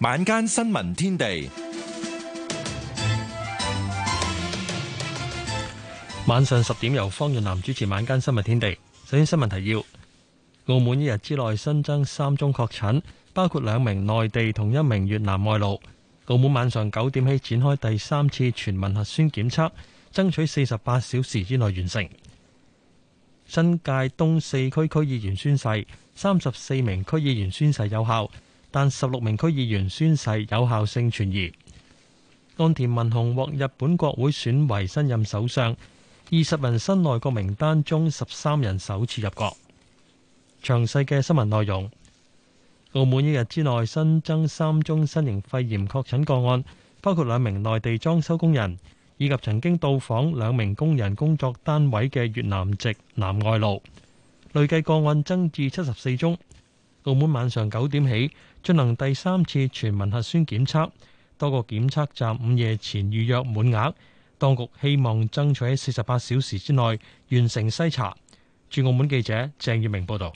晚間新聞天地，晚上十點由方潤南主持晚間新聞天地。首先新聞提要：澳門一日之內新增三宗確診，包括兩名內地同一名越南外勞。澳門晚上九點起展開第三次全民核酸檢測，爭取四十八小時之內完成。新界東四區區議員宣誓，三十四名區議員宣誓有效。但十六名區議員宣誓有效性存疑。岸田文雄獲日本國會選為新任首相。二十人新內閣名單中，十三人首次入閣。詳細嘅新聞內容。澳門一日之內新增三宗新型肺炎確診個案，包括兩名內地裝修工人以及曾經到訪兩名工人工作單位嘅越南籍南外勞。累計個案增至七十四宗。澳門晚上九點起進行第三次全民核酸檢測，多個檢測站午夜前預約滿額，當局希望爭取喺四十八小時之內完成篩查。駐澳門記者鄭月明報道。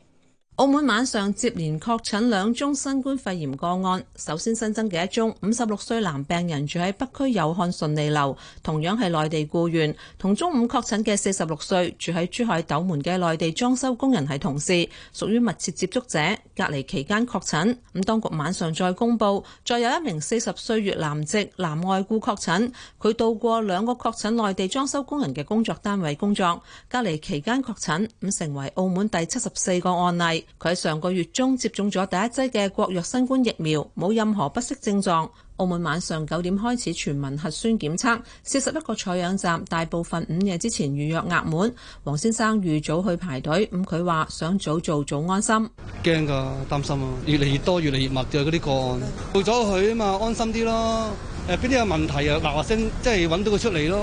澳門晚上接連確診兩宗新冠肺炎個案，首先新增嘅一宗五十六歲男病人住喺北區祐漢順利樓，同樣係內地僱員，同中午確診嘅四十六歲住喺珠海斗門嘅內地裝修工人係同事，屬於密切接觸者，隔離期間確診。咁當局晚上再公佈，再有一名四十歲越南籍男外僱確診，佢到過兩個確診內地裝修工人嘅工作單位工作，隔離期間確診，咁成為澳門第七十四個案例。佢喺上個月中接種咗第一劑嘅國藥新冠疫苗，冇任何不適症狀。澳門晚上九點開始全民核酸檢測，四十一個採樣站，大部分午夜之前預約額滿。黃先生預早去排隊，咁佢話想早做早安心。驚噶，擔心啊！越嚟越多，越嚟越密嘅嗰啲個案， 做咗佢啊嘛，安心啲咯。誒，邊啲有問題啊？嗱、啊，聲即係揾到佢出嚟咯。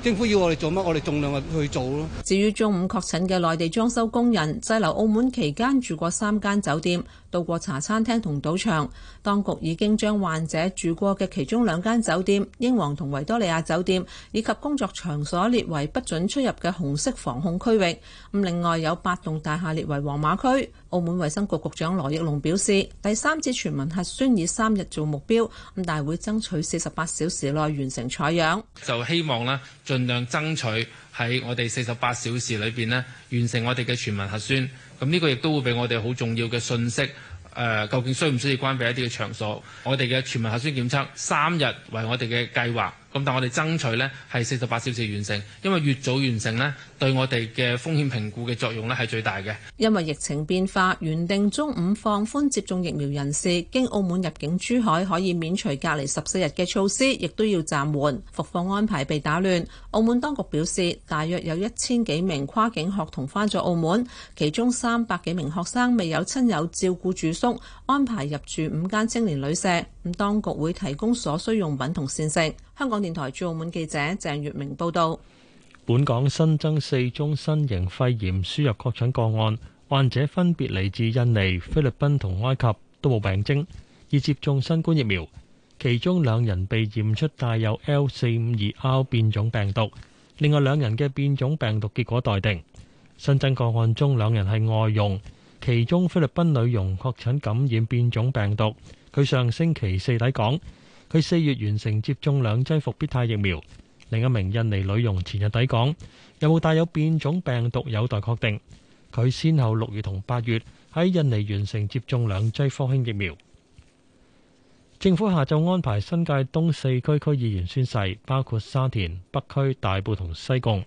政府要我哋做乜，我哋盡量去做咯。至於中午確診嘅內地裝修工人，滯留澳門期間住過三間酒店。到過茶餐廳同賭場，當局已經將患者住過嘅其中兩間酒店——英皇同維多利亞酒店，以及工作場所列為不准出入嘅紅色防控區域。咁另外有八棟大廈列為黃碼區。澳門衛生局局長羅奕龍表示，第三次全民核酸以三日做目標，咁但會爭取四十八小時內完成採樣。就希望咧，儘量爭取喺我哋四十八小時裏邊咧，完成我哋嘅全民核酸。咁呢個亦都會俾我哋好重要嘅信息，誒、呃，究竟需唔需要關閉一啲嘅場所？我哋嘅全民核酸檢測，三日為我哋嘅計劃。咁但我哋爭取呢係四十八小時完成，因為越早完成呢對我哋嘅風險評估嘅作用呢係最大嘅。因為疫情變化，原定中午放寬接種疫苗人士經澳門入境珠海可以免除隔離十四日嘅措施，亦都要暫緩復放安排被打亂。澳門當局表示，大約有一千幾名跨境學童返咗澳門，其中三百幾名學生未有親友照顧住宿，安排入住五間青年旅舍。當局會提供所需用品同膳食。香港電台駐澳門記者鄭月明報道。本港新增四宗新型肺炎輸入確診個案，患者分別嚟自印尼、菲律賓同埃及，都冇病徵，已接種新冠疫苗。其中兩人被驗出帶有 L 四五二 R 變種病毒，另外兩人嘅變種病毒結果待定。新增個案中，兩人係外傭，其中菲律賓女傭確診感染變種病毒。佢上星期四抵港，佢四月完成接種兩劑復必泰疫苗。另一名印尼女傭前日抵港，有冇帶有變種病毒有待確定。佢先後六月同八月喺印尼完成接種兩劑科興疫苗。政府下晝安排新界東四區區議員宣誓，包括沙田、北區、大埔同西貢。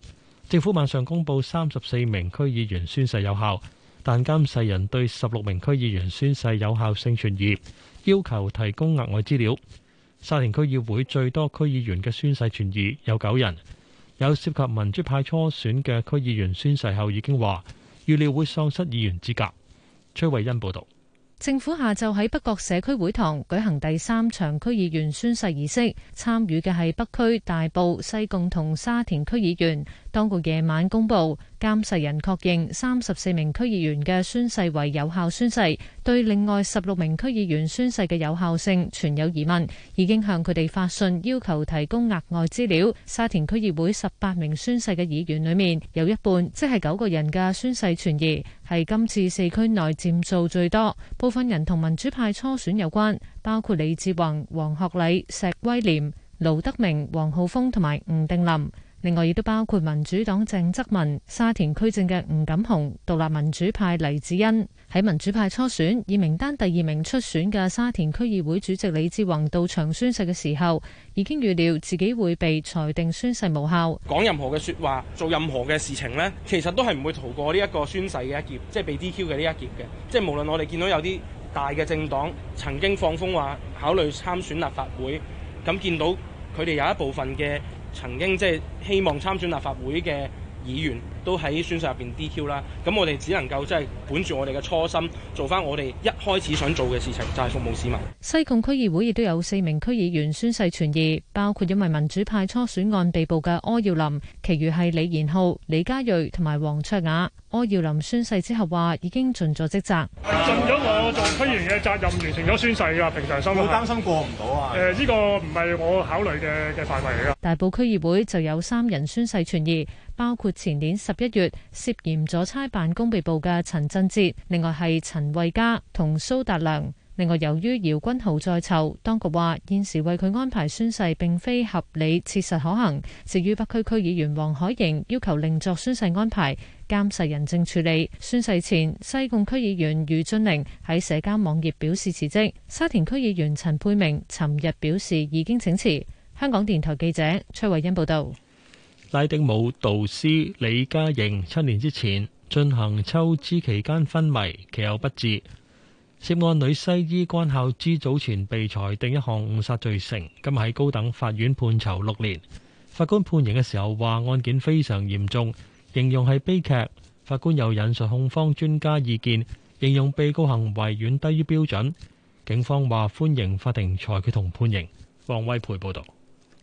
政府晚上公布三十四名區議員宣誓有效，但監誓人對十六名區議員宣誓有效性存疑，要求提供額外資料。沙田區議會最多區議員嘅宣誓存疑有九人，有涉及民主派初選嘅區議員宣誓後已經話預料會喪失議員資格。崔慧欣報道，政府下晝喺北角社區會堂舉行第三場區議員宣誓儀式，參與嘅係北區、大埔、西貢同沙田區議員。當局夜晚公布，監誓人確認三十四名區議員嘅宣誓為有效宣誓，對另外十六名區議員宣誓嘅有效性存有疑問，已經向佢哋發信要求提供額外資料。沙田區議會十八名宣誓嘅議員裏面，有一半，即係九個人嘅宣誓存疑，係今次四區內佔數最多。部分人同民主派初選有關，包括李志宏、黃學禮、石威廉、盧德明、黃浩峰同埋吳定林。另外亦都包括民主黨鄭則文、沙田區政嘅吳錦雄、獨立民主派黎智恩。喺民主派初選以名單第二名出選嘅沙田區議會主席李志宏到場宣誓嘅時候，已經預料自己會被裁定宣誓無效。講任何嘅說話，做任何嘅事情咧，其實都係唔會逃過呢一個宣誓嘅一劫，即係被 DQ 嘅呢一劫嘅。即係無論我哋見到有啲大嘅政黨曾經放風話考慮參選立法會，咁見到佢哋有一部分嘅。曾經，即係希望參選立法會嘅。議員都喺宣誓入邊 DQ 啦，咁我哋只能夠即係本住我哋嘅初心，做翻我哋一開始想做嘅事情，就係服務市民。西貢區議會亦都有四名區議員宣誓存疑，包括因為民主派初選案被捕嘅柯耀林，其餘係李賢浩、李嘉瑞同埋黃卓雅。柯耀林宣誓之後話已經盡咗職責，盡咗我做區議員嘅責任，完成咗宣誓㗎，平常心冇擔心過唔到啊。誒、呃，呢個唔係我考慮嘅嘅範圍嚟噶。大埔區議會就有三人宣誓存疑。包括前年十一月涉嫌阻差辦公被捕嘅陳振哲，另外係陳慧嘉同蘇達良。另外，由於姚君豪在囚，當局話現時為佢安排宣誓並非合理、切實可行。至於北區區議員黃海瑩要求另作宣誓安排，監誓人證處理。宣誓前，西貢區議員余俊玲喺社交網頁表示辭職。沙田區議員陳佩明尋日表示已經請辭。香港電台記者崔慧欣報道。拉丁舞導師李嘉瑩七年之前進行抽脂期間昏迷，其後不治。涉案女西醫關孝之早前被裁定一項誤殺罪成，今日喺高等法院判囚六年。法官判刑嘅時候話案件非常嚴重，形容係悲劇。法官又引述控方專家意見，形容被告行為遠低於標準。警方話歡迎法庭裁決同判刑。黃威培報道。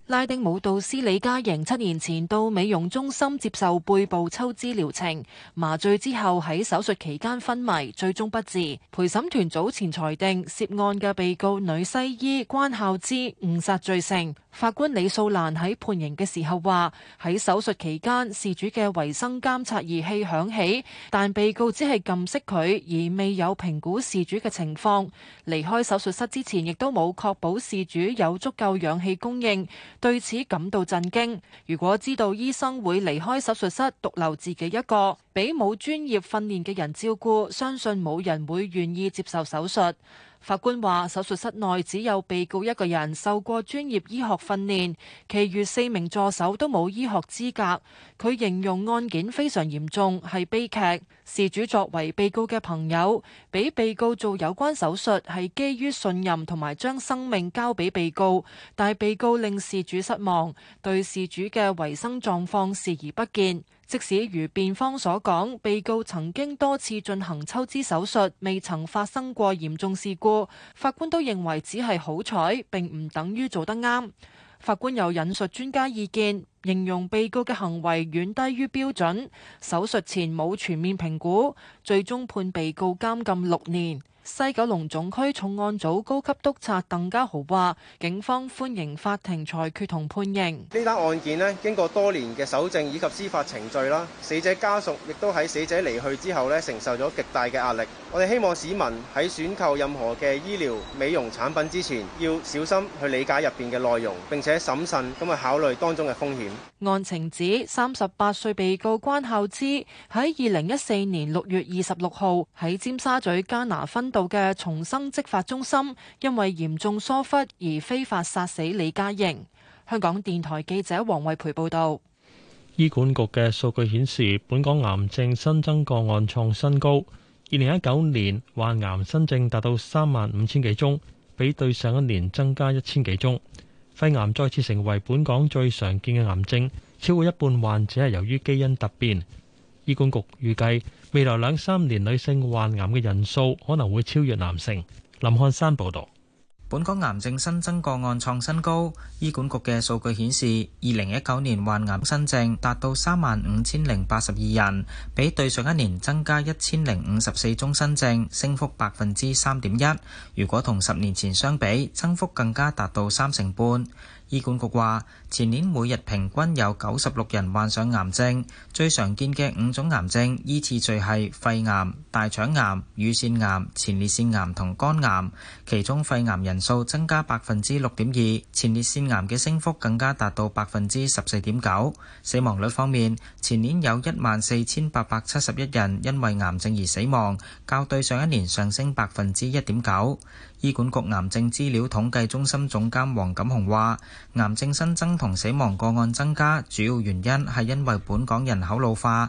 拉丁舞蹈師李嘉瑩七年前到美容中心接受背部抽脂療程，麻醉之後喺手術期間昏迷，最終不治。陪審團早前裁定涉案嘅被告女西醫關孝之誤殺罪成。法官李素蘭喺判刑嘅時候話：喺手術期間，事主嘅維生監察儀器響起，但被告只係撳熄佢，而未有評估事主嘅情況。離開手術室之前，亦都冇確保事主有足夠氧氣供應。對此感到震驚。如果知道醫生會離開手術室，獨留自己一個，俾冇專業訓練嘅人照顧，相信冇人會願意接受手術。法官話：手術室內只有被告一個人受過專業醫學訓練，其餘四名助手都冇醫學資格。佢形容案件非常嚴重，係悲劇。事主作為被告嘅朋友，俾被告做有關手術係基於信任同埋將生命交俾被告，但被告令事主失望，對事主嘅維生狀況視而不見。即使如辯方所講，被告曾經多次進行抽脂手術，未曾發生過嚴重事故，法官都認為只係好彩，並唔等於做得啱。法官又引述專家意見，形容被告嘅行為遠低於標準，手術前冇全面評估，最終判被告監禁六年。西九龍總區重案組高級督察鄧家豪話，警方歡迎法庭裁決同判刑。呢單案件咧，經過多年嘅搜證以及司法程序啦，死者家屬亦都喺死者離去之後咧，承受咗極大嘅壓力。我哋希望市民喺選購任何嘅醫療美容產品之前，要小心去理解入邊嘅內容，並且審慎咁考慮當中嘅風險。案情指，三十八歲被告關孝之喺二零一四年六月二十六號喺尖沙咀加拿分。做嘅重生執法中心，因為嚴重疏忽而非法殺死李嘉瑩。香港電台記者黃慧培報道。醫管局嘅數據顯示，本港癌症新增個案創新高。二零一九年患癌新症達到三萬五千幾宗，比對上一年增加一千幾宗。肺癌再次成為本港最常見嘅癌症，超過一半患者係由於基因突變。醫管局預計。未來兩三年，女性患癌嘅人數可能會超越男性。林漢山報道，本港癌症新增個案創新高。醫管局嘅數據顯示，二零一九年患癌新症達到三萬五千零八十二人，比對上一年增加一千零五十四宗新症，升幅百分之三點一。如果同十年前相比，增幅更加達到三成半。醫管局話，前年每日平均有九十六人患上癌症，最常見嘅五種癌症依次序係肺癌、大腸癌、乳腺癌、前列腺癌同肝癌，其中肺癌人數增加百分之六點二，前列腺癌嘅升幅更加達到百分之十四點九。死亡率方面，前年有一萬四千八百七十一人因為癌症而死亡，較對上一年上升百分之一點九。醫管局癌症資料統計中心總監黃錦雄話：癌症新增同死亡個案增加，主要原因係因為本港人口老化。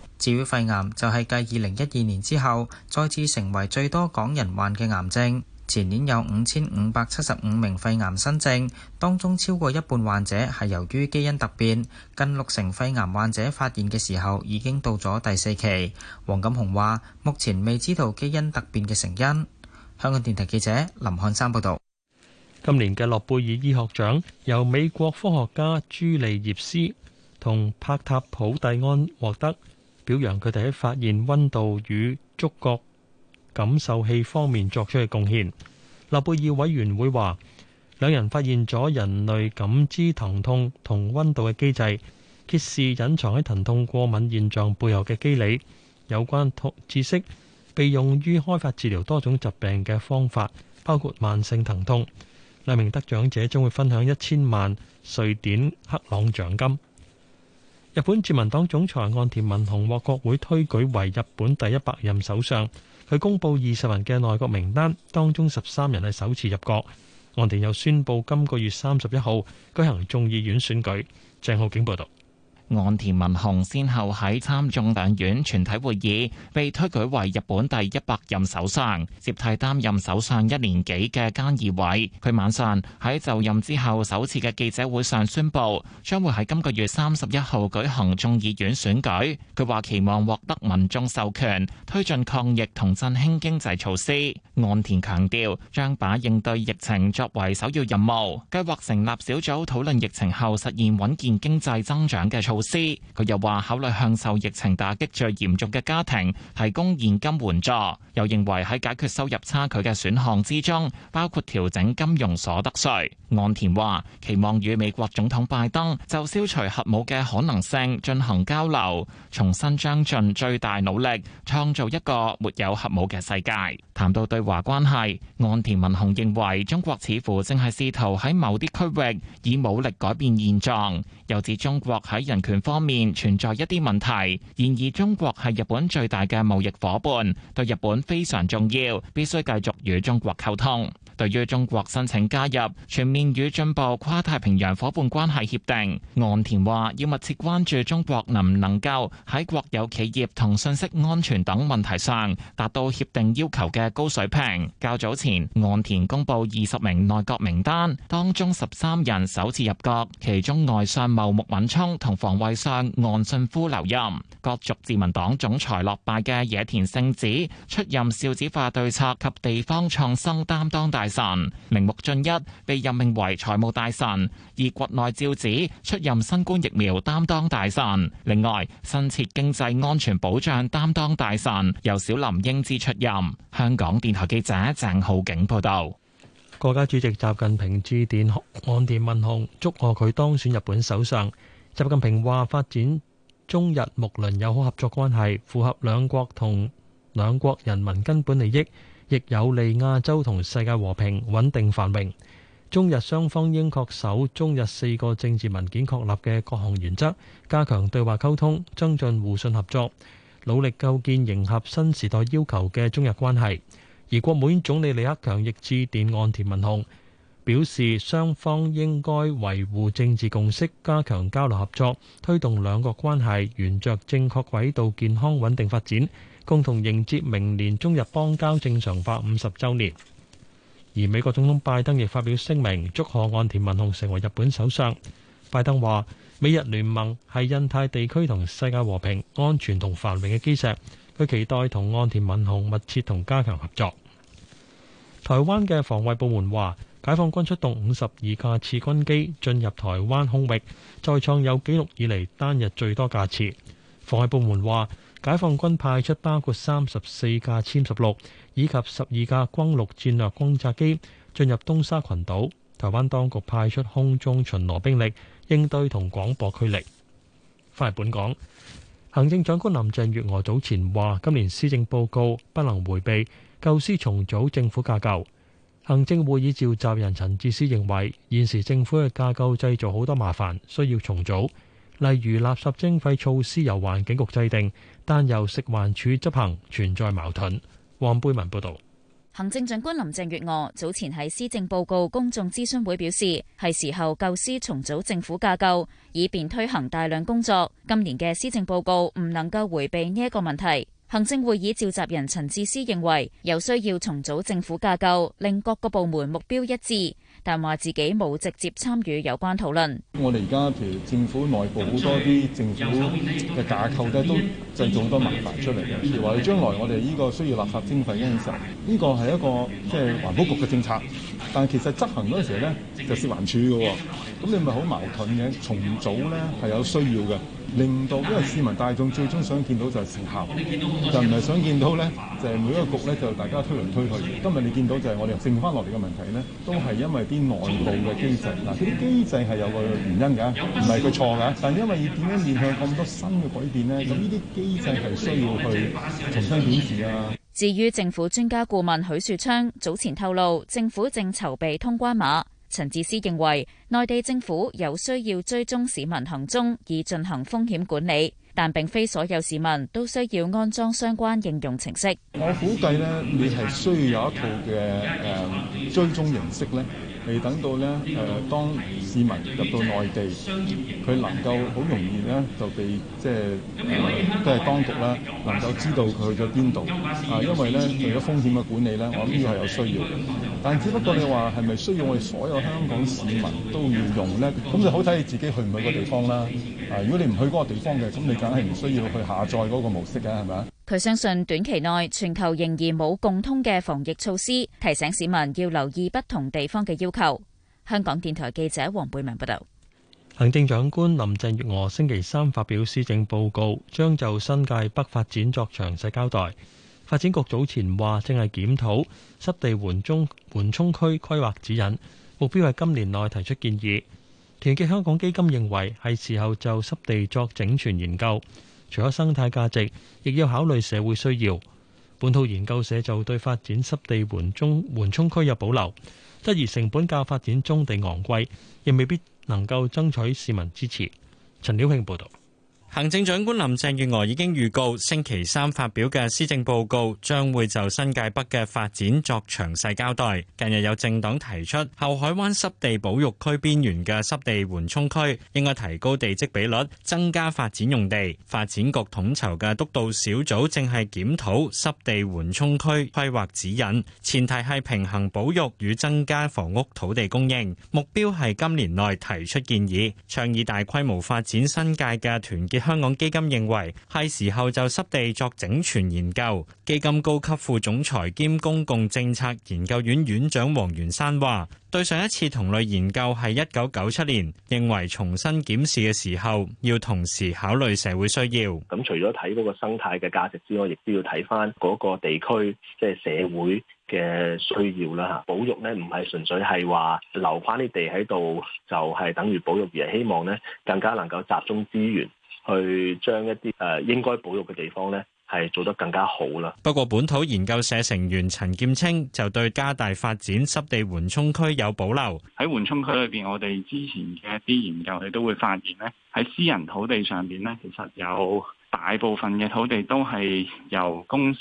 至於肺癌就係繼二零一二年之後再次成為最多港人患嘅癌症。前年有五千五百七十五名肺癌新症，當中超過一半患者係由於基因突變，近六成肺癌患者發現嘅時候已經到咗第四期。黃錦雄話：目前未知道基因突變嘅成因。香港電台記者林漢山報導。今年嘅諾貝爾醫學獎由美國科學家朱利葉斯同帕塔普蒂安獲得。表揚佢哋喺發現温度與觸覺感受器方面作出嘅貢獻。諾貝爾委員會話，兩人發現咗人類感知疼痛同温度嘅機制，揭示隱藏喺疼痛過敏現象背後嘅機理。有關知識被用於開發治療多種疾病嘅方法，包括慢性疼痛。兩名得獎者將會分享一千萬瑞典克朗獎金。日本自民黨總裁岸田文雄獲國會推舉為日本第一百任首相，佢公布二十人嘅內閣名單，當中十三人係首次入閣。岸田又宣布今個月三十一號舉行眾議院選舉。鄭浩景報道。岸田文雄先後喺參眾兩院全體會議被推舉為日本第一百任首相，接替擔任首相一年幾嘅菅義偉。佢晚上喺就任之後首次嘅記者會上宣布，將會喺今個月三十一號舉行眾議院選舉。佢話期望獲得民眾授權，推進抗疫同振興經濟措施。岸田強調將把應對疫情作為首要任務，計劃成立小組討論疫情後實現穩健經濟增長嘅措。師。佢又話考慮向受疫情打擊最嚴重嘅家庭提供現金援助，又認為喺解決收入差距嘅選項之中，包括調整金融所得稅。岸田話期望與美國總統拜登就消除核武嘅可能性進行交流，重新將盡最大努力創造一個沒有核武嘅世界。談到對華關係，岸田文雄認為中國似乎正係試圖喺某啲區域以武力改變現狀，又指中國喺人權方面存在一啲問題。然而，中國係日本最大嘅貿易夥伴，對日本非常重要，必須繼續與中國溝通。對於中國申請加入全面與進步跨太平洋夥伴關係協定，岸田話要密切關注中國能唔能夠喺國有企業同信息安全等問題上達到協定要求嘅高水平。較早前，岸田公布二十名內閣名單，當中十三人首次入閣，其中外相茂木敏充同防衛相岸信夫留任，各族自民黨總裁落敗嘅野田聖子出任少子化對策及地方創生擔當大大臣鈴木俊一被任命為財務大臣，而國內照子出任新冠疫苗擔當大臣，另外新設經濟安全保障擔當大臣由小林英之出任。香港電台記者鄭浩景報道。國家主席習近平致電岸田文雄，祝賀佢當選日本首相。習近平話：發展中日睦鄰友好合作關係，符合兩國同兩國人民根本利益。亦有利亞洲同世界和平穩定繁榮。中日雙方應確守中日四個政治文件確立嘅各項原則，加強對話溝通，增進互信合作，努力構建迎合新時代要求嘅中日關係。而國務院總理李克強亦致電岸田文雄，表示雙方應該維護政治共識，加強交流合作，推動兩國關係沿著正確軌道健康穩定發展。共同迎接明年中日邦交正常化五十周年，而美國總統拜登亦發表聲明祝賀岸田文雄成為日本首相。拜登話美日聯盟係印太地區同世界和平、安全同繁榮嘅基石，佢期待同岸田文雄密切同加強合作。台灣嘅防衛部門話，解放軍出動五十二架次軍機進入台灣空域，再創有紀錄以嚟單日最多架次。防衛部門話。解放軍派出包括三十四架殲十六以及十二架轟六戰略轟炸機進入東沙群島，台灣當局派出空中巡邏兵力應對同廣播驅離。翻嚟本港，行政長官林鄭月娥早前話：今年施政報告不能回避舊司重組政府架構。行政會議召集人陳智思認為，現時政府嘅架構製造好多麻煩，需要重組，例如垃圾徵費措施由環境局制定。但由食環署執行存在矛盾。黃貝文報道，行政長官林鄭月娥早前喺施政報告公眾諮詢會表示，係時候構思重組政府架構，以便推行大量工作。今年嘅施政報告唔能夠回避呢一個問題。行政會議召集人陳智思認為，有需要重組政府架構，令各個部門目標一致。但話自己冇直接參與有關討論。我哋而家譬如政府內部好多啲政府嘅架構咧，都製造好多麻煩出嚟嘅。譬如話，你將來我哋呢個需要立法徵費嘅時候，呢個係一個即係環保局嘅政策，但係其實執行嗰陣時咧，就涉環署㗎。咁你咪好矛盾嘅？重組咧係有需要嘅。令到因為市民大眾最終想見到就係成效，就唔係想見到咧，就係每一個局咧就大家推嚟推去。今日你見到就係我哋剩翻落嚟嘅問題咧，都係因為啲內部嘅機制。嗱，啲機制係有個原因㗎，唔係佢錯㗎。但係因為要點樣面向咁多新嘅改變咧，咁呢啲機制係需要去重新檢視啊。至於政府專家顧問許樹昌早前透露，政府正籌備通關碼。陳智思認為，內地政府有需要追蹤市民行蹤以進行風險管理，但並非所有市民都需要安裝相關應用程式。我估計咧，你係需要有一套嘅誒追蹤形式咧。未等到咧，誒、呃，當市民入到內地，佢能夠好容易咧就被即係都係當局啦，能夠知道佢去咗邊度啊？因為咧為咗風險嘅管理咧，我諗呢個係有需要嘅。但係只不過你話係咪需要我哋所有香港市民都要用咧？咁就好睇你自己去唔去嗰個地方啦。啊、呃，如果你唔去嗰個地方嘅，咁你梗係唔需要去下載嗰個模式嘅，係咪啊？佢相信短期內全球仍然冇共通嘅防疫措施，提醒市民要留意不同地方嘅要求。香港電台記者黃貝明報道。行政長官林鄭月娥星期三發表施政報告，將就新界北發展作詳細交代。發展局早前話正係檢討濕地緩衝緩衝區規劃指引，目標係今年內提出建議。團結香港基金認為係時候就濕地作整全研究。除咗生態價值，亦要考慮社會需要。本土研究社就對發展濕地緩中緩衝區有保留，質疑成本較發展中地昂貴，亦未必能夠爭取市民支持。陳曉慶報導。行政長官林鄭月娥已經預告，星期三發表嘅施政報告將會就新界北嘅發展作詳細交代。近日有政黨提出，後海灣濕地保育區邊緣嘅濕地緩衝區應該提高地積比率，增加發展用地。發展局統籌嘅督導小組正係檢討濕地緩衝區規劃指引，前提係平衡保育與增加房屋土地供應，目標係今年內提出建議，倡議大規模發展新界嘅團結。香港基金認為係時候就濕地作整全研究。基金高級副總裁兼公共政策研究院院長黃元山話：對上一次同類研究係一九九七年，認為重新檢視嘅時候要同時考慮社會需要。咁除咗睇嗰個生態嘅價值之外，亦都要睇翻嗰個地區即係社會嘅需要啦。吓保育咧，唔係純粹係話留翻啲地喺度就係等於保育，而係希望咧更加能夠集中資源。去將一啲誒應該保育嘅地方呢，係做得更加好啦。不過，本土研究社成員陳劍青就對加大發展濕地緩衝區有保留。喺緩衝區裏邊，我哋之前嘅一啲研究，你都會發現呢，喺私人土地上邊呢，其實有大部分嘅土地都係由公司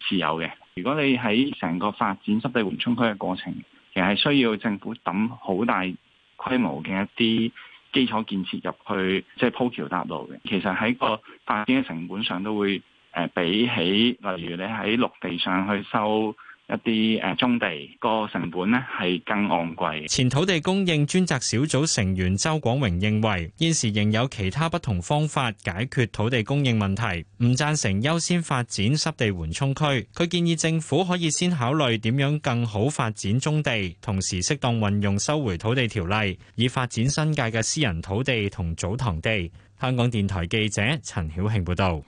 持有嘅。如果你喺成個發展濕地緩衝區嘅過程，其實係需要政府抌好大規模嘅一啲。基礎建設入去，即係鋪橋搭路嘅，其實喺個發展嘅成本上都會誒比起，例如你喺陸地上去收一啲誒宗地個成本呢係更昂貴。前土地供應專責小組成員周廣榮認為，現時仍有其他不同方法解決土地供應問題，唔贊成優先發展濕地緩衝區。佢建議政府可以先考慮點樣更好發展宗地，同時適當運用收回土地條例，以發展新界嘅私人土地同祖堂地。香港電台記者陳曉慶報導。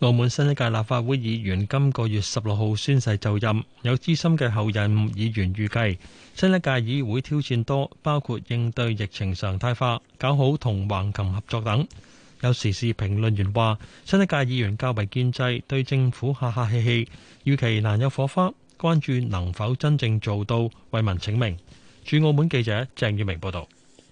澳門新一屆立法會議員今個月十六號宣誓就任，有資深嘅候任議員預計新一屆議會挑戰多，包括應對疫情常態化、搞好同橫琴合作等。有時事評論員話，新一屆議員較為建制，對政府客客氣氣，預期難有火花。關注能否真正做到為民請命。駐澳門記者鄭月明報道。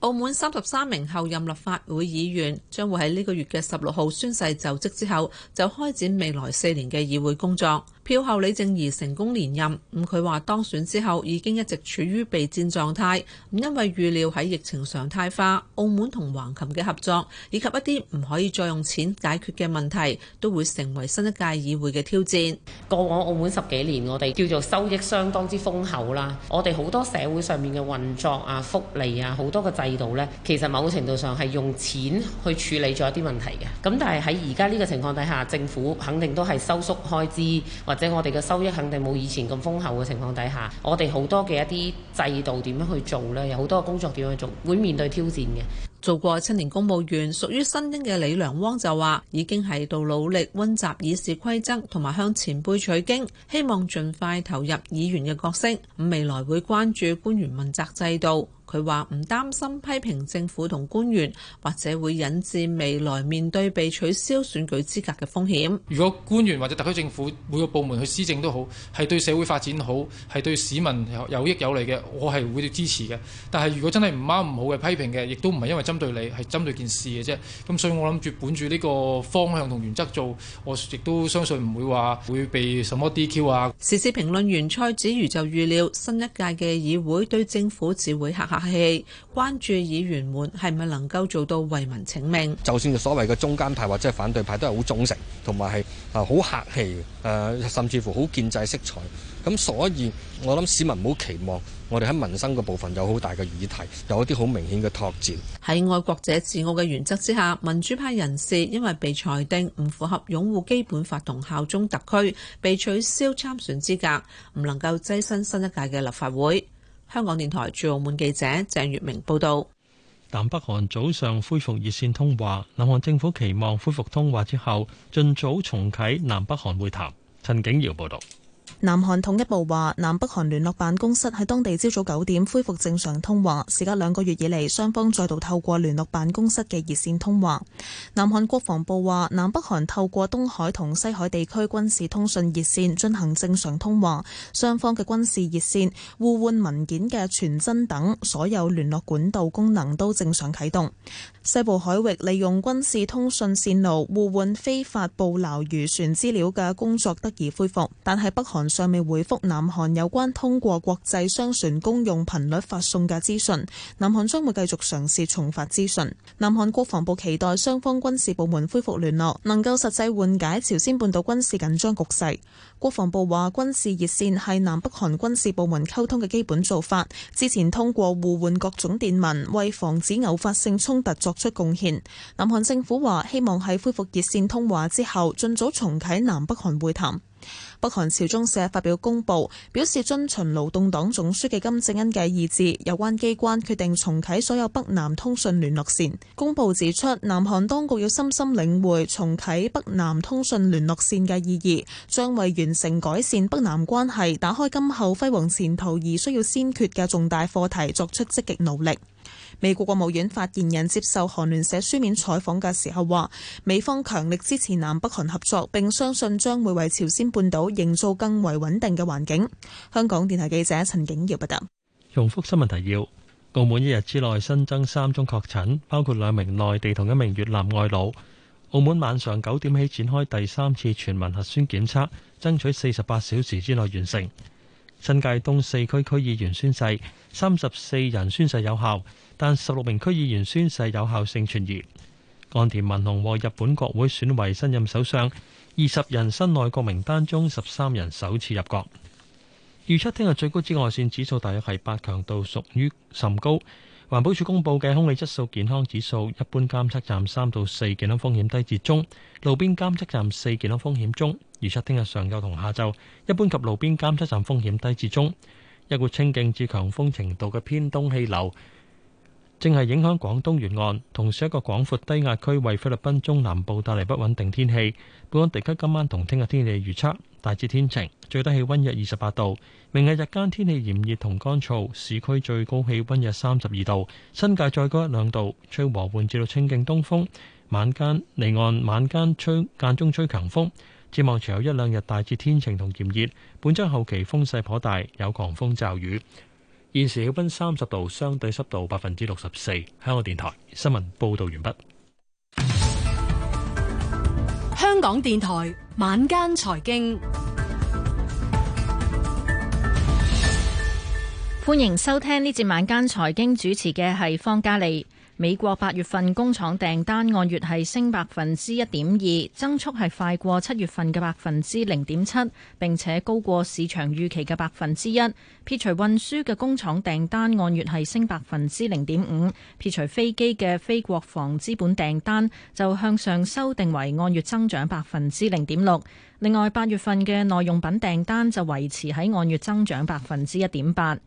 澳門三十三名後任立法會議員將會喺呢個月嘅十六號宣誓就職之後，就開展未來四年嘅議會工作。票後李正怡成功連任，咁佢話當選之後已經一直處於備戰狀態，咁因為預料喺疫情常態化，澳門同橫琴嘅合作以及一啲唔可以再用錢解決嘅問題，都會成為新一屆議會嘅挑戰。過往澳門十幾年，我哋叫做收益相當之豐厚啦，我哋好多社會上面嘅運作啊、福利啊，好多嘅制度咧，其實某程度上係用錢去處理咗一啲問題嘅。咁但係喺而家呢個情況底下，政府肯定都係收縮開支，或者我哋嘅收益肯定冇以前咁豐厚嘅情況底下，我哋好多嘅一啲制度點樣去做咧，有好多工作點樣去做，會面對挑戰嘅。做過七年公務員，屬於新英嘅李良汪就話，已經喺度努力溫習議事規則同埋向前輩取經，希望盡快投入議員嘅角色。咁未來會關注官員問責制度。佢話唔擔心批評政府同官員，或者會引致未來面對被取消選舉資格嘅風險。如果官員或者特區政府每個部門去施政都好，係對社會發展好，係對市民有有益有利嘅，我係會支持嘅。但係如果真係唔啱唔好嘅批評嘅，亦都唔係因為針對你係針對件事嘅啫，咁所以我諗住，本住呢個方向同原則做，我亦都相信唔會話會被什麼 DQ 啊。時事評論員蔡子瑜就預料，新一屆嘅議會對政府只會客客氣氣，關注議員們係咪能夠做到為民請命。就算係所謂嘅中間派或者係反對派，都係好忠誠，同埋係啊好客氣，誒甚至乎好建制色彩。咁所以，我諗市民唔好期望，我哋喺民生嘅部分有好大嘅議題，有一啲好明顯嘅拓展。喺愛國者自我嘅原則之下，民主派人士因為被裁定唔符合擁護基本法同效忠特區，被取消參選資格，唔能夠躋身新一屆嘅立法會。香港電台駐澳門記者鄭月明報道。南北韓早上恢復熱線通話，南韓政府期望恢復通話之後，盡早重啟南北韓會談。陳景瑤報道。南韓統一部話，南北韓聯絡辦公室喺當地朝早九點恢復正常通話，時隔兩個月以嚟，雙方再度透過聯絡辦公室嘅熱線通話。南韓國防部話，南北韓透過東海同西海地區軍事通訊熱線進行正常通話，雙方嘅軍事熱線互換文件嘅傳真等所有聯絡管道功能都正常啟動。西部海域利用軍事通訊線路互換非法捕撈漁船資料嘅工作得以恢復，但係北韓尚未回覆南韓有關通過國際商船公用頻率發送嘅資訊，南韓將會繼續嘗試重發資訊。南韓國防部期待雙方軍事部門恢復聯絡，能夠實際緩解朝鮮半島軍事緊張局勢。國防部話，軍事熱線係南北韓軍事部門溝通嘅基本做法，之前通過互換各種電文，為防止偶發性衝突作出貢獻。南韓政府話，希望喺恢復熱線通話之後，盡早重啟南北韓會談。北韓朝中社發表公報，表示遵循勞動黨總書記金正恩嘅意志，有關機關決定重啟所有北南通訊聯絡線。公報指出，南韓當局要深深領會重啟北南通訊聯絡線嘅意義，將為完成改善北南關係、打開今後輝煌前途而需要先決嘅重大課題作出積極努力。美國國務院發言人接受韓聯社書面採訪嘅時候話，美方強力支持南北韓合作，並相信將會為朝鮮半島營造更為穩定嘅環境。香港電台記者陳景耀報道。融復新聞提要：澳門一日之內新增三宗確診，包括兩名內地同一名越南外勞。澳門晚上九點起展開第三次全民核酸檢測，爭取四十八小時之內完成。新界東四區區議員宣誓，三十四人宣誓有效。但十六名區議員宣誓有效性存疑。岸田文雄獲日本國會選為新任首相。二十人新內閣名單中，十三人首次入閣。預測聽日最高紫外線指數大約係八，強度，屬於甚高。環保署公布嘅空氣質素健康指數，一般監測站三到四，健康風險低至中，路邊監測站四，健康風險中。預測聽日上晝同下晝一般及路邊監測站風險低至中。一股清勁至強風程度嘅偏東氣流正係影響廣東沿岸，同時一個廣闊低壓區為菲律賓中南部帶嚟不穩定天氣。本港地區今晚同聽日天氣預測大致天晴，最低氣温約二十八度。明日日間天氣炎熱同乾燥，市區最高氣温約三十二度，新界再高一兩度，吹和緩至到清勁東風。晚間離岸晚間吹間中吹強風。展望隨後一兩日大致天晴同炎熱，本週後期風勢頗大，有狂風驟雨。現時氣温三十度，相對濕度百分之六十四。香港電台新聞報道完畢。香港電台晚間財經，歡迎收聽呢節晚間財經，主持嘅係方嘉莉。美國八月份工廠訂單按月係升百分之一點二，增速係快過七月份嘅百分之零點七，並且高過市場預期嘅百分之一。撇除運輸嘅工廠訂單按月係升百分之零點五，撇除飛機嘅非國防資本訂單就向上修訂為按月增長百分之零點六。另外，八月份嘅耐用品訂單就維持喺按月增長百分之一點八。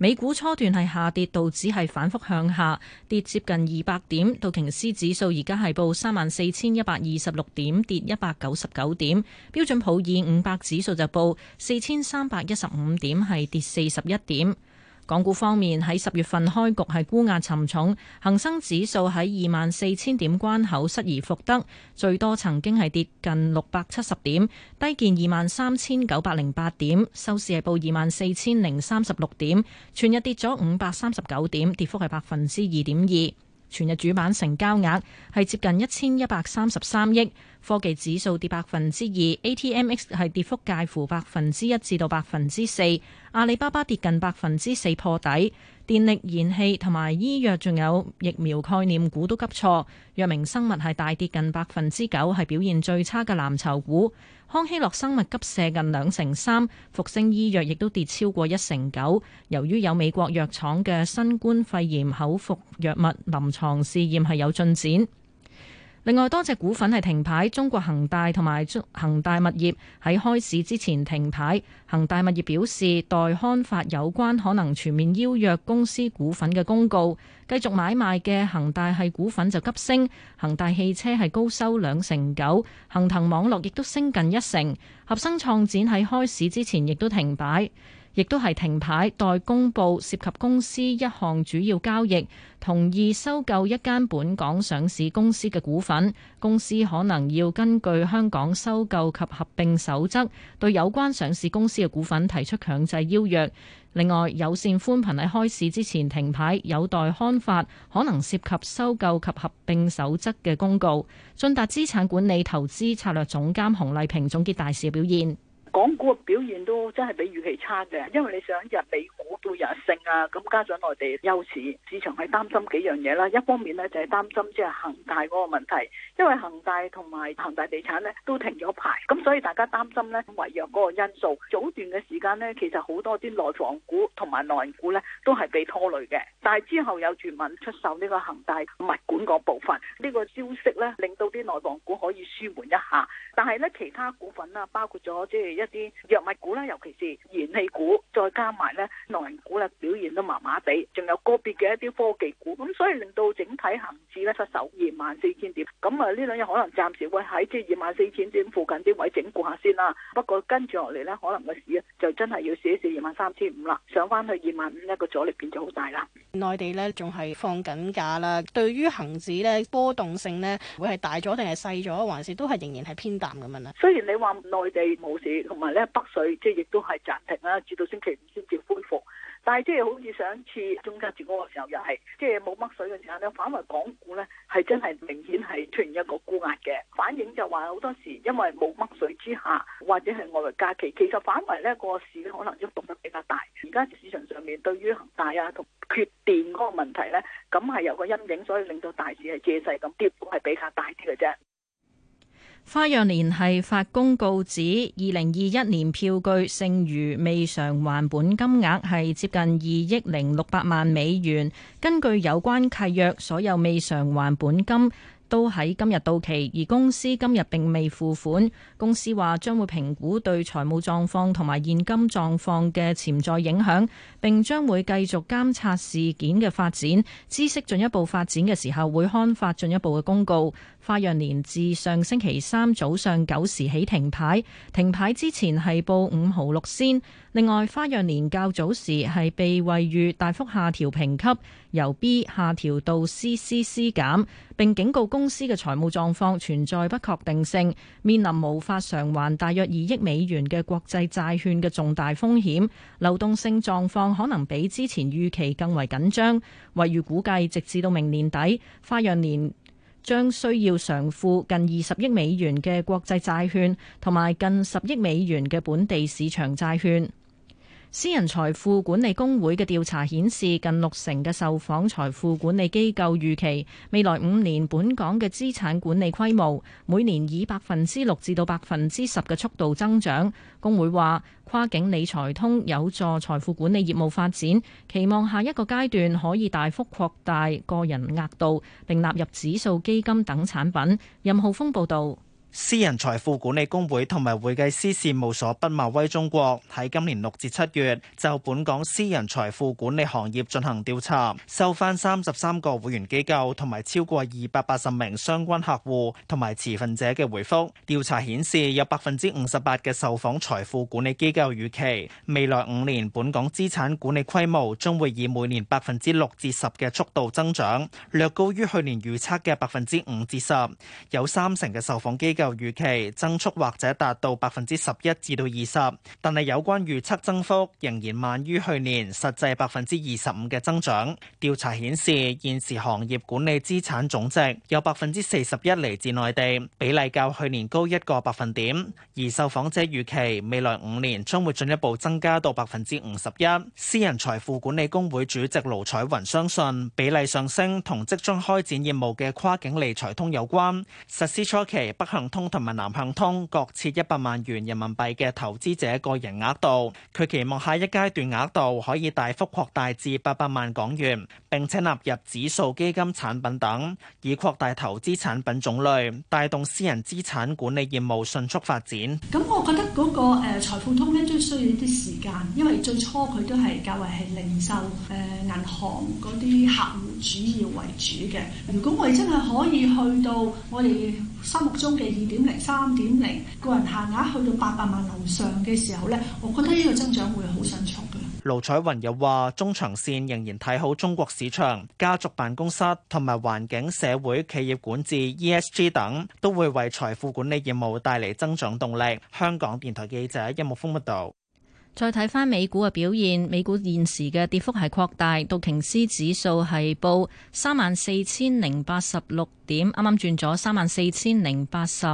美股初段係下跌，道指係反覆向下，跌接近二百點。道瓊斯指數而家係報三萬四千一百二十六點，跌一百九十九點。標準普爾五百指數就報四千三百一十五點，係跌四十一點。港股方面喺十月份開局係沽壓沉重，恒生指數喺二萬四千點關口失而復得，最多曾經係跌近六百七十點，低見二萬三千九百零八點，收市係報二萬四千零三十六點，全日跌咗五百三十九點，跌幅係百分之二點二。全日主板成交額係接近一千一百三十三億，科技指數跌百分之二，ATMX 係跌幅介乎百分之一至到百分之四，阿里巴巴跌近百分之四破底。電力、燃氣同埋醫藥，仲有疫苗概念股都急挫。藥明生物係大跌近百分之九，係表現最差嘅藍籌股。康希諾生物急瀉近兩成三，復星醫藥亦都跌超過一成九。由於有美國藥廠嘅新冠肺炎口服藥物臨床試驗係有進展。另外多隻股份係停牌，中國恒大同埋恒大物業喺開市之前停牌。恒大物業表示待刊發有關可能全面邀約公司股份嘅公告，繼續買賣嘅恒大系股份就急升，恒大汽車係高收兩成九，恒騰網絡亦都升近一成，合生創展喺開市之前亦都停擺。亦都係停牌待公布，涉及公司一項主要交易，同意收購一間本港上市公司嘅股份。公司可能要根據香港收購及合併守則，對有關上市公司嘅股份提出強制要約。另外，有線寬頻喺開市之前停牌，有待刊發可能涉及收購及合併守則嘅公告。進達資產管理投資策略總監洪麗萍總結大市表現。港股嘅表現都真係比預期差嘅，因為你想日美股都日日升啊，咁加上內地優市，市場係擔心幾樣嘢啦。一方面呢，就係擔心即係恒大嗰個問題，因為恒大同埋恒大地產呢都停咗牌，咁所以大家擔心呢違約嗰個因素。早段嘅時間呢，其實好多啲內房股同埋內銀股呢都係被拖累嘅，但係之後有傳聞出售呢個恒大物管嗰部分，呢、呢個消息呢令到啲內房股可以舒緩一下。但係咧，其他股份啦，包括咗即係一啲藥物股啦，尤其是燃氣股，再加埋咧能源股啦，表現都麻麻地，仲有個別嘅一啲科技股，咁所以令到整體恆指咧失守二萬四千點，咁啊呢兩日可能暫時會喺即係二萬四千點附近啲位整固下先啦。不過跟住落嚟咧，可能個市咧就真係要試一試二萬三千五啦，上翻去二萬五呢個阻力變咗好大啦。內地咧仲係放緊假啦，對於恆指咧波動性咧會係大咗定係細咗，還是都係仍然係偏淡咁樣啊？雖然你話內地冇市，同埋咧北水即係亦都係暫停啦，至到星期五先至恢復。但係即係好似上次中間節嘅時候又係，即係冇乜水嘅時候咧，反為港股咧係真係明顯係出現一個沽壓嘅反應，就話好多時因為冇乜水之下，或者係外來假期，其實反為咧個市可能喐動得比較大。而家市場上面對於恒大啊同。缺電嗰個問題呢，咁係有個陰影，所以令到大市係借勢咁跌，都係比較大啲嘅啫。花樣年係發公告指，二零二一年票據剩餘未償還本金額係接近二億零六百萬美元。根據有關契約，所有未償還本金都喺今日到期，而公司今日並未付款。公司話將會評估對財務狀況同埋現金狀況嘅潛在影響，並將會繼續監察事件嘅發展。知識進一步發展嘅時候，會刊發進一步嘅公告。花樣年自上星期三早上九時起停牌，停牌之前係報五毫六仙。另外，花樣年較早時係被惠譽大幅下調評級，由 B 下調到 CCC 減，並警告公司嘅財務狀況存在不確定性，面臨無法償還大約二億美元嘅國際債券嘅重大風險，流動性狀況可能比之前預期更為緊張。惠譽估計，直至到明年底，花樣年。將需要償付近二十億美元嘅國際債券，同埋近十億美元嘅本地市場債券。私人財富管理公會嘅調查顯示，近六成嘅受訪財富管理機構預期未來五年本港嘅資產管理規模每年以百分之六至到百分之十嘅速度增長。公會話跨境理財通有助財富管理業務發展，期望下一個階段可以大幅擴大個人額度並納入指數基金等產品。任浩峰報道。私人財富管理公會同埋會計師事務所畢馬威中國喺今年六至七月就本港私人財富管理行業進行調查，收翻三十三個會員機構同埋超過二百八十名相關客戶同埋持份者嘅回覆。調查顯示，有百分之五十八嘅受訪財富管理機構預期未來五年本港資產管理規模將會以每年百分之六至十嘅速度增長，略高於去年預測嘅百分之五至十。有三成嘅受訪機舊預期增速或者達到百分之十一至到二十，但係有關預測增幅仍然慢於去年實際百分之二十五嘅增長。調查顯示，現時行業管理資產總值有百分之四十一嚟自內地，比例較去年高一個百分點。而受訪者預期未來五年將會進一步增加到百分之五十一。私人財富管理工會主席盧彩雲相信比例上升同即將開展業務嘅跨境理財通有關。實施初期北向通同埋南向通各設一百萬元人民幣嘅投資者個人額度，佢期望下一階段額度可以大幅擴大至八百萬港元，並且納入指數基金產品等，以擴大投資產品種類，帶動私人資產管理業務迅速發展。咁我覺得嗰個誒財富通咧都需要一啲時間，因為最初佢都係較為係零售誒銀行嗰啲客戶主要為主嘅。如果我哋真係可以去到我哋心目中嘅，二點零、三點零，個人限額去到八百萬樓上嘅時候呢，我覺得呢個增長會好迅速嘅。盧彩雲又話：中長線仍然睇好中國市場，家族辦公室同埋環境社會企業管治 （ESG） 等，都會為財富管理業務帶嚟增長動力。香港電台記者一木豐蜜道。再睇返美股嘅表現，美股現時嘅跌幅係擴大，道瓊斯指數係報三萬四千零八十六點，啱啱轉咗三萬四千零八十。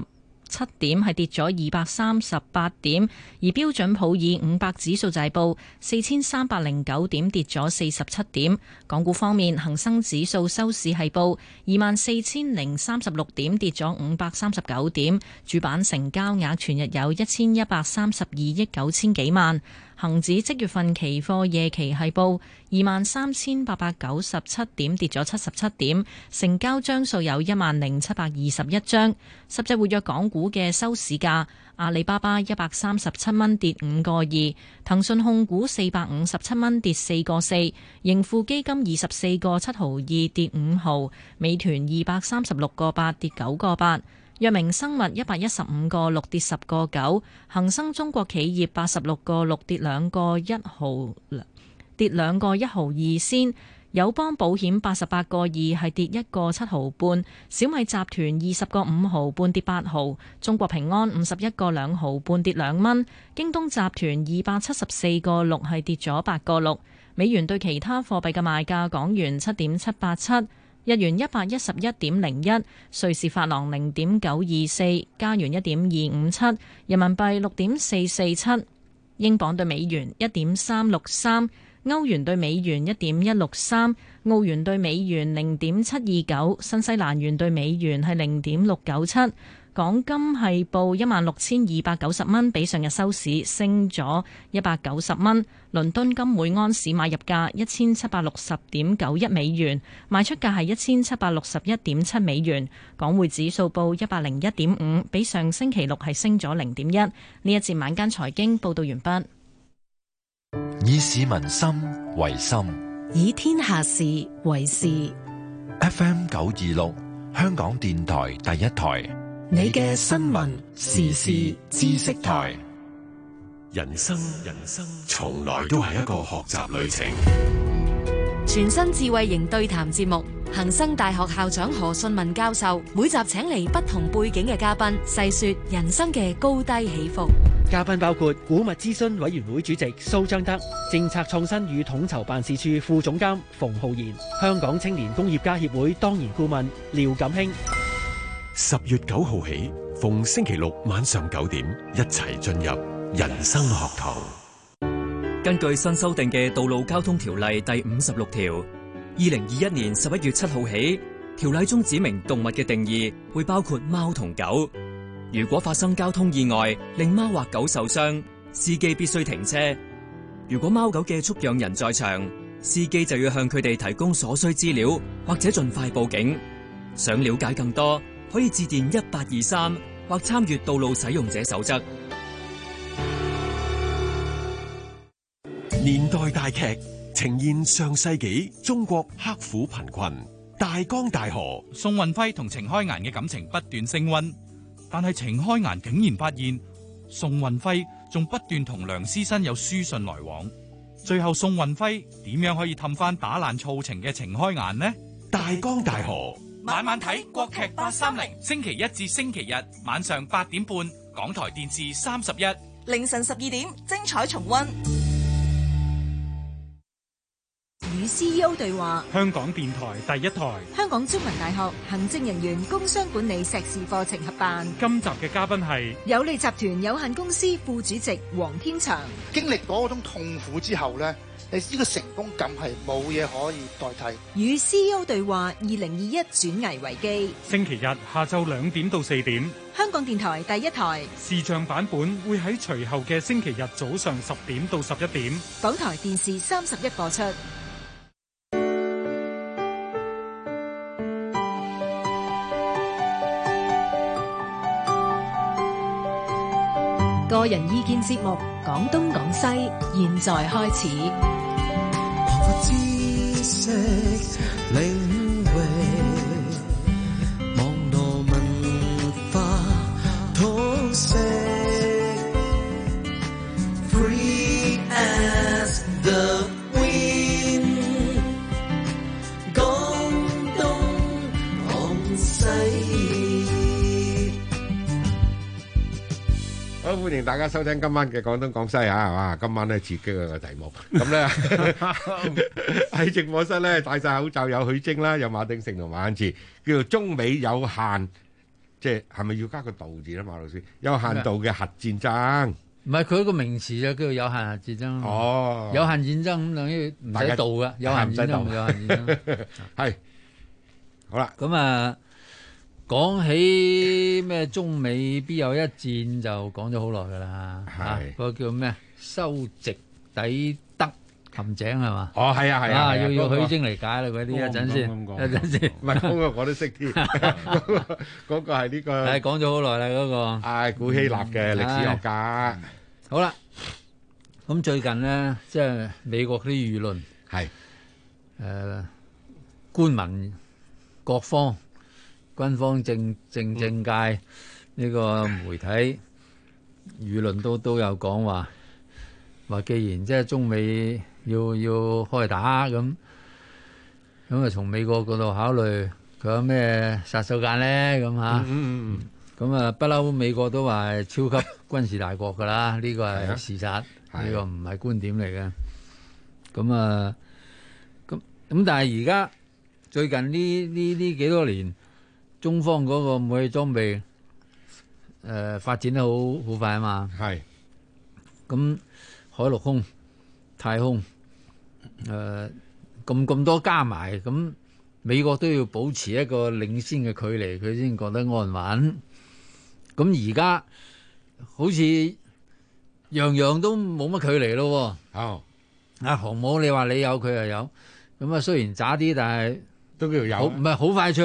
七點係跌咗二百三十八點，而標準普爾五百指數就係報四千三百零九點，跌咗四十七點。港股方面，恒生指數收市係報二萬四千零三十六點，跌咗五百三十九點。主板成交額全日有一千一百三十二億九千幾萬。恒指即月份期貨夜期係報二萬三千八百九十七點，跌咗七十七點，成交張數有一萬零七百二十一張。十隻活躍港股嘅收市價，阿里巴巴一百三十七蚊跌五個二，騰訊控股四百五十七蚊跌四個四，盈富基金二十四個七毫二跌五毫，美團二百三十六個八跌九個八。藥明生物一百一十五個六跌十個九，恒生中國企業八十六個六跌兩個一毫，跌兩個一毫二先。友邦保險八十八個二係跌一個七毫半，小米集團二十個五毫半跌八毫，中國平安五十一個兩毫半跌兩蚊，京東集團二百七十四個六係跌咗八個六。美元對其他貨幣嘅賣價，港元七點七八七。日元一百一十一點零一，瑞士法郎零點九二四，加元一點二五七，人民幣六點四四七，英鎊對美元一點三六三，歐元對美元一點一六三，澳元對美元零點七二九，新西蘭元對美元係零點六九七。港金係報一萬六千二百九十蚊，比上日收市升咗一百九十蚊。倫敦金每安士買入價一千七百六十點九一美元，賣出價係一千七百六十一點七美元。港匯指數報一百零一點五，比上星期六係升咗零點一。呢一節晚間財經報道完畢。以市民心為心，以天下事為事。F.M. 九二六，香港電台第一台。你嘅新聞時事知識台，人生人生從來都係一個學習旅程。全新智慧型對談節目《恒生大學校長何信文教授》，每集請嚟不同背景嘅嘉賓細說人生嘅高低起伏。嘉賓包括古物諮詢委員會主席蘇章德、政策創新與統籌辦事處副總監馮浩然、香港青年工業家協會當然顧問廖錦興。十月九號起，逢星期六晚上九點，一齊進入人生學堂。根據新修訂嘅道路交通條例第五十六條，二零二一年十一月七號起，條例中指明動物嘅定義會包括貓同狗。如果發生交通意外，令貓或狗受傷，司機必須停車。如果貓狗嘅畜養人在場，司機就要向佢哋提供所需資料，或者儘快報警。想了解更多？可以致電一八二三或參閱道路使用者守則。年代大劇呈現上世紀中國刻苦貧困。大江大河，宋運輝同程開顏嘅感情不斷升温，但係程開顏竟然發現宋運輝仲不斷同梁思申有書信來往。最後宋運輝點樣可以氹翻打爛醋情嘅程開顏呢？大江大河。晚晚睇國劇八三零，星期一至星期日晚上八點半，港台電視三十一，凌晨十二點，精彩重温。與 CEO 對話，香港電台第一台，香港中文大學行政人員工商管理碩士課程合辦。今集嘅嘉賓係有利集團有限公司副主席黃天祥。經歷咗嗰種痛苦之後呢，你呢個成功感係冇嘢可以代替。與 CEO 對話，二零二一轉危為機。星期日下晝兩點到四點，香港電台第一台視像版本會喺隨後嘅星期日早上十點到十一點，港台電視三十一播出。個人意見節目《講東講西》，現在開始。 歡迎大家收聽今晚嘅廣東廣西吓，哇！今晚咧自己嘅題目，咁咧喺直播室咧戴晒口罩，有許晶啦，有馬鼎盛同馬恩志，叫做中美有限，即係係咪要加個度字咧？馬老師，有限度嘅核戰爭，唔係佢一個名詞啊，叫有限核戰爭。哦，有限戰爭咁等於唔使度噶，有限戰爭，有限戰爭，係好啦，咁啊。講起咩中美必有一戰就講咗好耐噶啦，嗰個叫咩？修昔底德陷阱係嘛？哦，係啊係啊，要要舉證嚟解啦嗰啲，一陣先，一陣先。唔係嗰個我都識添，嗰個嗰個係呢個。係講咗好耐啦，嗰個。係古希臘嘅歷史學家。好啦，咁最近呢，即係美國啲輿論係，誒，官民各方。軍方正、政政政界呢個媒體輿論都都有講話話，既然即係中美要要開打咁，咁啊從美國嗰度考慮，佢有咩殺手鐧咧？咁嚇，咁啊不嬲美國都話超級軍事大國㗎喇，呢 個係事實，呢 個唔係觀點嚟嘅。咁啊，咁咁，但係而家最近呢呢呢幾多年。中方嗰個武器裝備誒、呃、發展得好好快啊嘛，係咁是海陸空太空誒咁咁多加埋，咁美國都要保持一個領先嘅距離，佢先覺得安穩。咁而家好似樣樣都冇乜距離咯、啊，哦、oh。啊，啊航母你話你有佢又有，咁啊雖然差啲，但係都叫做有，唔係好快脆。